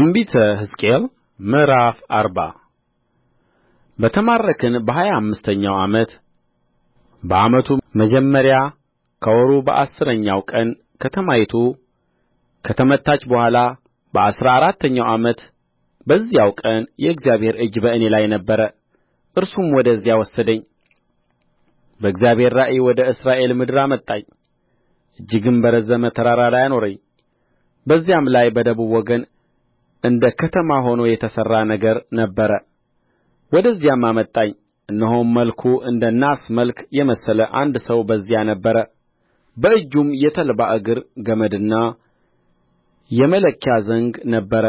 ትንቢተ ሕዝቅኤል ምዕራፍ አርባ በተማረክን በሀያ አምስተኛው ዓመት በዓመቱ መጀመሪያ ከወሩ በአሥረኛው ቀን ከተማይቱ ከተመታች በኋላ በአሥራ አራተኛው ዓመት በዚያው ቀን የእግዚአብሔር እጅ በእኔ ላይ ነበረ፣ እርሱም ወደዚያ ወሰደኝ። በእግዚአብሔር ራእይ ወደ እስራኤል ምድር አመጣኝ፣ እጅግም በረዘመ ተራራ ላይ አኖረኝ። በዚያም ላይ በደቡብ ወገን እንደ ከተማ ሆኖ የተሠራ ነገር ነበረ ወደዚያም አመጣኝ እነሆም መልኩ እንደ ናስ መልክ የመሰለ አንድ ሰው በዚያ ነበረ በእጁም የተልባ እግር ገመድና የመለኪያ ዘንግ ነበረ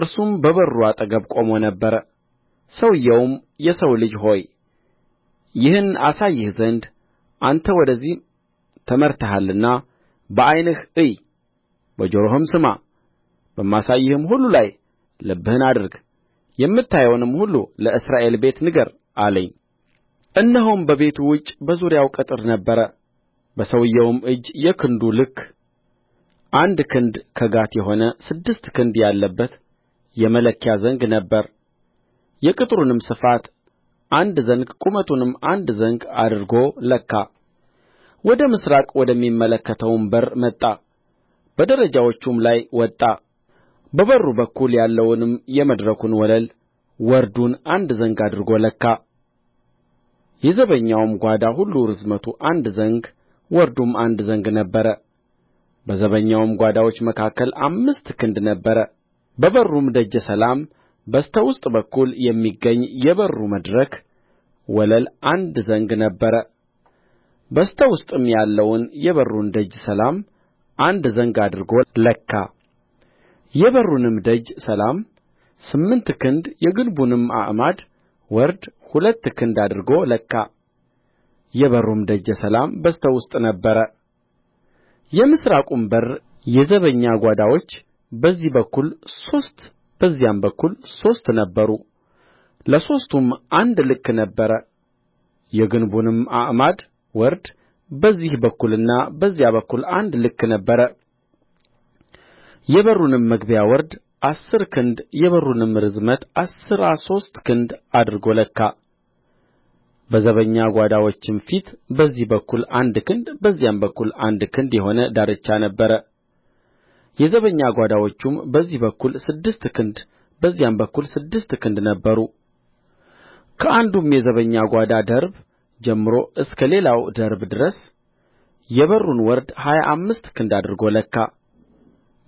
እርሱም በበሩ አጠገብ ቆሞ ነበር ሰውየውም የሰው ልጅ ሆይ ይህን አሳይህ ዘንድ አንተ ወደዚህ ተመርተሃልና በዓይንህ እይ በጆሮህም ስማ በማሳይህም ሁሉ ላይ ልብህን አድርግ የምታየውንም ሁሉ ለእስራኤል ቤት ንገር አለኝ እነሆም በቤቱ ውጭ በዙሪያው ቅጥር ነበረ በሰውየውም እጅ የክንዱ ልክ አንድ ክንድ ከጋት የሆነ ስድስት ክንድ ያለበት የመለኪያ ዘንግ ነበረ የቅጥሩንም ስፋት አንድ ዘንግ ቁመቱንም አንድ ዘንግ አድርጎ ለካ ወደ ምሥራቅ ወደሚመለከተውም በር መጣ በደረጃዎቹም ላይ ወጣ በበሩ በኩል ያለውንም የመድረኩን ወለል ወርዱን አንድ ዘንግ አድርጎ ለካ የዘበኛውም ጓዳ ሁሉ ርዝመቱ አንድ ዘንግ ወርዱም አንድ ዘንግ ነበረ በዘበኛውም ጓዳዎች መካከል አምስት ክንድ ነበረ በበሩም ደጀ ሰላም በስተ ውስጥ በኩል የሚገኝ የበሩ መድረክ ወለል አንድ ዘንግ ነበረ በስተ ውስጥም ያለውን የበሩን ደጀ ሰላም አንድ ዘንግ አድርጎ ለካ የበሩንም ደጀ ሰላም ስምንት ክንድ የግንቡንም አዕማድ ወርድ ሁለት ክንድ አድርጎ ለካ የበሩም ደጀ ሰላም በስተ ውስጥ ነበረ የምሥራቁም በር የዘበኛ ጓዳዎች በዚህ በኩል ሦስት በዚያም በኩል ሦስት ነበሩ ለሦስቱም አንድ ልክ ነበረ የግንቡንም አዕማድ ወርድ በዚህ በኩልና በዚያ በኩል አንድ ልክ ነበረ የበሩንም መግቢያ ወርድ አሥር ክንድ የበሩንም ርዝመት አሥራ ሦስት ክንድ አድርጎ ለካ በዘበኛ ጓዳዎችም ፊት በዚህ በኩል አንድ ክንድ በዚያም በኩል አንድ ክንድ የሆነ ዳርቻ ነበረ የዘበኛ ጓዳዎቹም በዚህ በኩል ስድስት ክንድ በዚያም በኩል ስድስት ክንድ ነበሩ ከአንዱም የዘበኛ ጓዳ ደርብ ጀምሮ እስከ ሌላው ደርብ ድረስ የበሩን ወርድ ሀያ አምስት ክንድ አድርጎ ለካ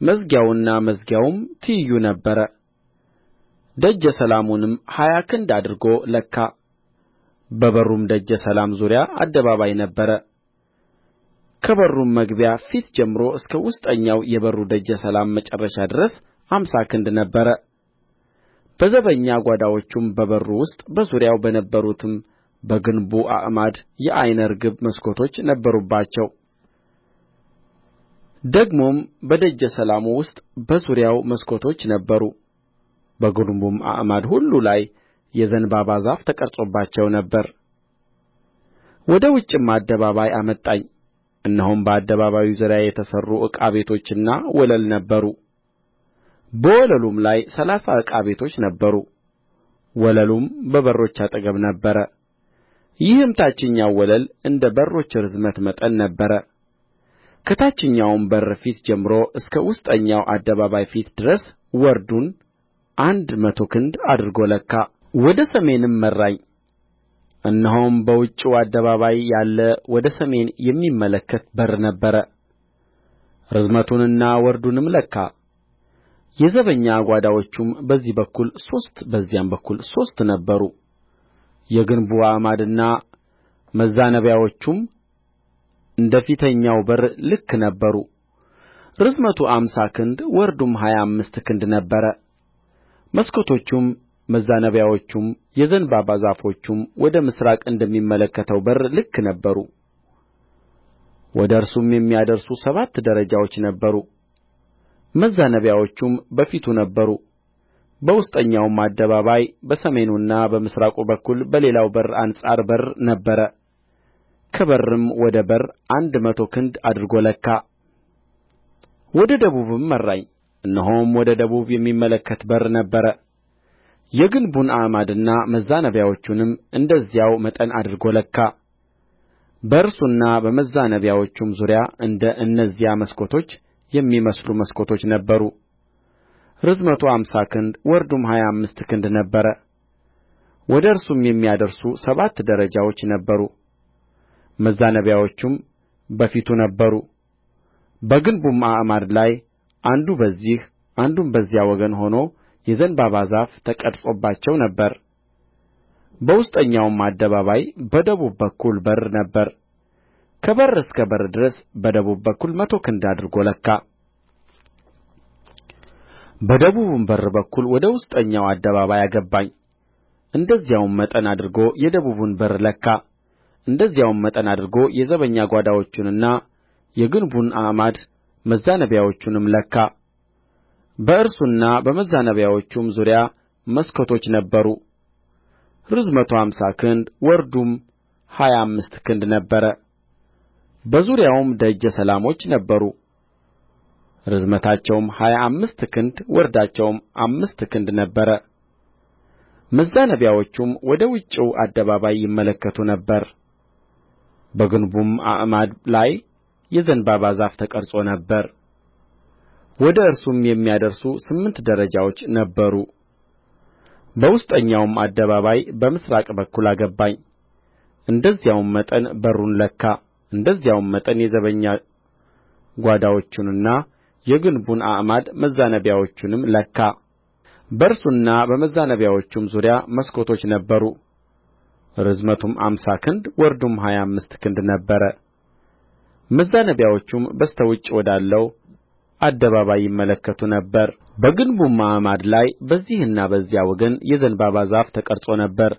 መዝጊያውና መዝጊያውም ትይዩ ነበረ ደጀ ሰላሙንም ሀያ ክንድ አድርጎ ለካ በበሩም ደጀ ሰላም ዙሪያ አደባባይ ነበረ ከበሩም መግቢያ ፊት ጀምሮ እስከ ውስጠኛው የበሩ ደጀ ሰላም መጨረሻ ድረስ አምሳ ክንድ ነበረ በዘበኛ ጓዳዎቹም በበሩ ውስጥ በዙሪያው በነበሩትም በግንቡ አዕማድ የዓይነ ርግብ መስኮቶች ነበሩባቸው ደግሞም በደጀ ሰላሙ ውስጥ በዙሪያው መስኮቶች ነበሩ በግንቡም አዕማድ ሁሉ ላይ የዘንባባ ዛፍ ተቀርጾባቸው ነበር ወደ ውጭም አደባባይ አመጣኝ እነሆም በአደባባዩ ዙሪያ የተሠሩ ዕቃ ቤቶችና ወለል ነበሩ በወለሉም ላይ ሠላሳ ዕቃ ቤቶች ነበሩ ወለሉም በበሮች አጠገብ ነበረ ይህም ታችኛው ወለል እንደ በሮች ርዝመት መጠን ነበረ ከታችኛውም በር ፊት ጀምሮ እስከ ውስጠኛው አደባባይ ፊት ድረስ ወርዱን አንድ መቶ ክንድ አድርጎ ለካ ወደ ሰሜንም መራኝ እነሆም በውጭው አደባባይ ያለ ወደ ሰሜን የሚመለከት በር ነበረ ርዝመቱንና ወርዱንም ለካ የዘበኛ ጓዳዎቹም በዚህ በኩል ሦስት በዚያም በኩል ሦስት ነበሩ የግንቡ አዕማድና መዛነቢያዎቹም እንደ ፊተኛው በር ልክ ነበሩ ርዝመቱ አምሳ ክንድ ወርዱም ሀያ አምስት ክንድ ነበረ መስኮቶቹም መዛነቢያዎቹም የዘንባባ ዛፎቹም ወደ ምሥራቅ እንደሚመለከተው በር ልክ ነበሩ ወደ እርሱም የሚያደርሱ ሰባት ደረጃዎች ነበሩ መዛነቢያዎቹም በፊቱ ነበሩ በውስጠኛውም አደባባይ በሰሜኑና በምሥራቁ በኩል በሌላው በር አንጻር በር ነበረ ከበርም ወደ በር አንድ መቶ ክንድ አድርጎ ለካ ወደ ደቡብም መራኝ እነሆም ወደ ደቡብ የሚመለከት በር ነበረ የግንቡን አዕማድና መዛነቢያዎቹንም እንደዚያው መጠን አድርጎ ለካ በእርሱና በመዛነቢያዎቹም ዙሪያ እንደ እነዚያ መስኮቶች የሚመስሉ መስኮቶች ነበሩ ርዝመቱ አምሳ ክንድ ወርዱም ሀያ አምስት ክንድ ነበረ ወደ እርሱም የሚያደርሱ ሰባት ደረጃዎች ነበሩ መዛነቢያዎቹም በፊቱ ነበሩ በግንቡም አዕማድ ላይ አንዱ በዚህ አንዱም በዚያ ወገን ሆኖ የዘንባባ ዛፍ ተቀርጾባቸው ነበር በውስጠኛውም አደባባይ በደቡብ በኩል በር ነበረ ከበር እስከ በር ድረስ በደቡብ በኩል መቶ ክንድ አድርጎ ለካ በደቡብም በር በኩል ወደ ውስጠኛው አደባባይ አገባኝ እንደዚያውም መጠን አድርጎ የደቡቡን በር ለካ እንደዚያውም መጠን አድርጎ የዘበኛ ጓዳዎቹንና የግንቡን አዕማድ መዛነቢያዎቹንም ለካ በእርሱና በመዛነቢያዎቹም ዙሪያ መስኮቶች ነበሩ ርዝመቱ አምሳ ክንድ ወርዱም ሀያ አምስት ክንድ ነበረ በዙሪያውም ደጀ ሰላሞች ነበሩ ርዝመታቸውም ሀያ አምስት ክንድ ወርዳቸውም አምስት ክንድ ነበረ መዛነቢያዎቹም ወደ ውጭው አደባባይ ይመለከቱ ነበር በግንቡም አዕማድ ላይ የዘንባባ ዛፍ ተቀርጾ ነበር ወደ እርሱም የሚያደርሱ ስምንት ደረጃዎች ነበሩ በውስጠኛውም አደባባይ በምሥራቅ በኩል አገባኝ እንደዚያውም መጠን በሩን ለካ እንደዚያውም መጠን የዘበኛ ጓዳዎቹንና የግንቡን አዕማድ መዛነቢያዎቹንም ለካ በእርሱና በመዛነቢያዎቹም ዙሪያ መስኮቶች ነበሩ ርዝመቱም አምሳ ክንድ ወርዱም ሀያ አምስት ክንድ ነበረ መዛነቢያዎቹም በስተ ውጭ ወዳለው አደባባይ ይመለከቱ ነበር በግንቡም አዕማድ ላይ በዚህና በዚያ ወገን የዘንባባ ዛፍ ተቀርጾ ነበር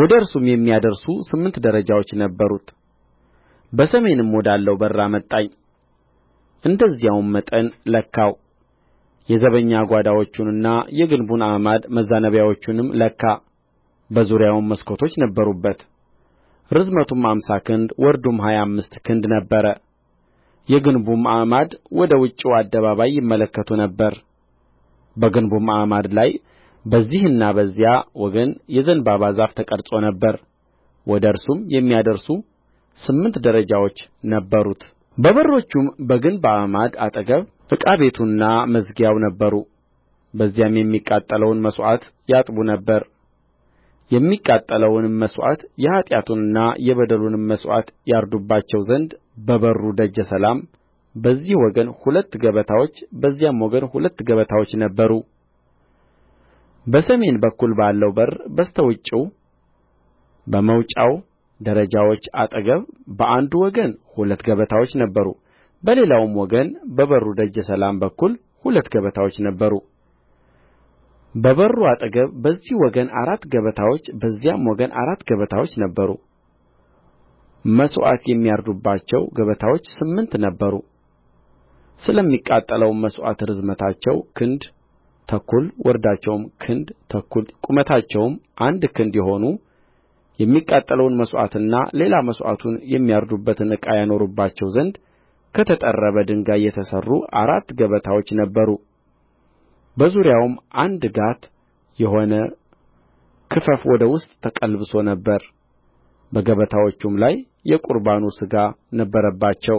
ወደ እርሱም የሚያደርሱ ስምንት ደረጃዎች ነበሩት በሰሜንም ወዳለው በር አመጣኝ እንደዚያውም መጠን ለካው የዘበኛ ጓዳዎቹንና የግንቡን አዕማድ መዛነቢያዎቹንም ለካ በዙሪያውም መስኮቶች ነበሩበት ርዝመቱም አምሳ ክንድ ወርዱም ሀያ አምስት ክንድ ነበረ የግንቡም አዕማድ ወደ ውጭው አደባባይ ይመለከቱ ነበር በግንቡም አዕማድ ላይ በዚህና በዚያ ወገን የዘንባባ ዛፍ ተቀርጾ ነበር ወደ እርሱም የሚያደርሱ ስምንት ደረጃዎች ነበሩት በበሮቹም በግንብ አዕማድ አጠገብ ዕቃ ቤቱና መዝጊያው ነበሩ በዚያም የሚቃጠለውን መሥዋዕት ያጥቡ ነበር የሚቃጠለውንም መሥዋዕት የኃጢአቱንና የበደሉንም መሥዋዕት ያርዱባቸው ዘንድ በበሩ ደጀ ሰላም በዚህ ወገን ሁለት ገበታዎች በዚያም ወገን ሁለት ገበታዎች ነበሩ በሰሜን በኩል ባለው በር በስተ ውጭው በመውጫው ደረጃዎች አጠገብ በአንዱ ወገን ሁለት ገበታዎች ነበሩ በሌላውም ወገን በበሩ ደጀ ሰላም በኩል ሁለት ገበታዎች ነበሩ በበሩ አጠገብ በዚህ ወገን አራት ገበታዎች በዚያም ወገን አራት ገበታዎች ነበሩ መሥዋዕት የሚያርዱባቸው ገበታዎች ስምንት ነበሩ ስለሚቃጠለውም መሥዋዕት ርዝመታቸው ክንድ ተኩል ወርዳቸውም ክንድ ተኩል ቁመታቸውም አንድ ክንድ የሆኑ የሚቃጠለውን መሥዋዕትና ሌላ መሥዋዕቱን የሚያርዱበትን ዕቃ ያኖሩባቸው ዘንድ ከተጠረበ ድንጋይ የተሠሩ አራት ገበታዎች ነበሩ በዙሪያውም አንድ ጋት የሆነ ክፈፍ ወደ ውስጥ ተቀልብሶ ነበር በገበታዎቹም ላይ የቍርባኑ ሥጋ ነበረባቸው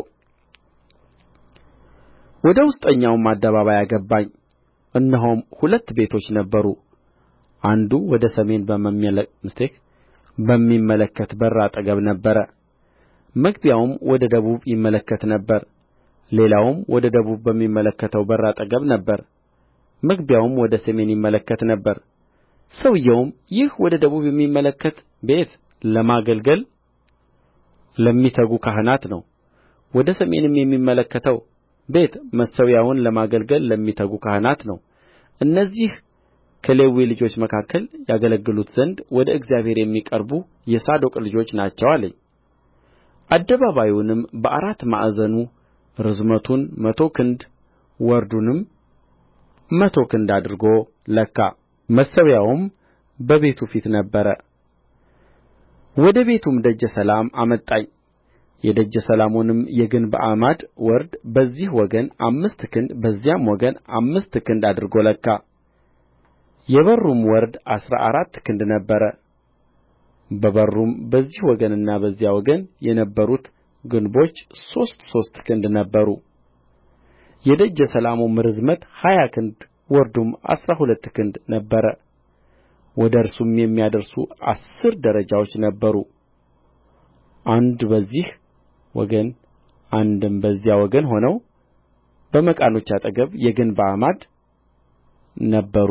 ወደ ውስጠኛውም አደባባይ አገባኝ እነሆም ሁለት ቤቶች ነበሩ አንዱ ወደ ሰሜን በሚመለከት በር አጠገብ ነበረ መግቢያውም ወደ ደቡብ ይመለከት ነበር ሌላውም ወደ ደቡብ በሚመለከተው በር አጠገብ ነበረ መግቢያውም ወደ ሰሜን ይመለከት ነበር ሰውየውም ይህ ወደ ደቡብ የሚመለከት ቤት ለማገልገል ለሚተጉ ካህናት ነው ወደ ሰሜንም የሚመለከተው ቤት መሠዊያውን ለማገልገል ለሚተጉ ካህናት ነው እነዚህ ከሌዊ ልጆች መካከል ያገለግሉት ዘንድ ወደ እግዚአብሔር የሚቀርቡ የሳዶቅ ልጆች ናቸው አለኝ አደባባዩንም በአራት ማዕዘኑ ርዝመቱን መቶ ክንድ ወርዱንም መቶ ክንድ አድርጎ ለካ መሠዊያውም በቤቱ ፊት ነበረ ወደ ቤቱም ደጀ ሰላም አመጣኝ የደጀ ሰላሙንም የግንብ አዕማድ ወርድ በዚህ ወገን አምስት ክንድ በዚያም ወገን አምስት ክንድ አድርጎ ለካ የበሩም ወርድ አሥራ አራት ክንድ ነበረ በበሩም በዚህ ወገንና በዚያ ወገን የነበሩት ግንቦች ሦስት ሦስት ክንድ ነበሩ የደጀ ሰላሙም ርዝመት ሀያ ክንድ ወርዱም አሥራ ሁለት ክንድ ነበረ ወደ እርሱም የሚያደርሱ አሥር ደረጃዎች ነበሩ አንድ በዚህ ወገን አንድም በዚያ ወገን ሆነው በመቃኖች አጠገብ የግንብ አዕማድ ነበሩ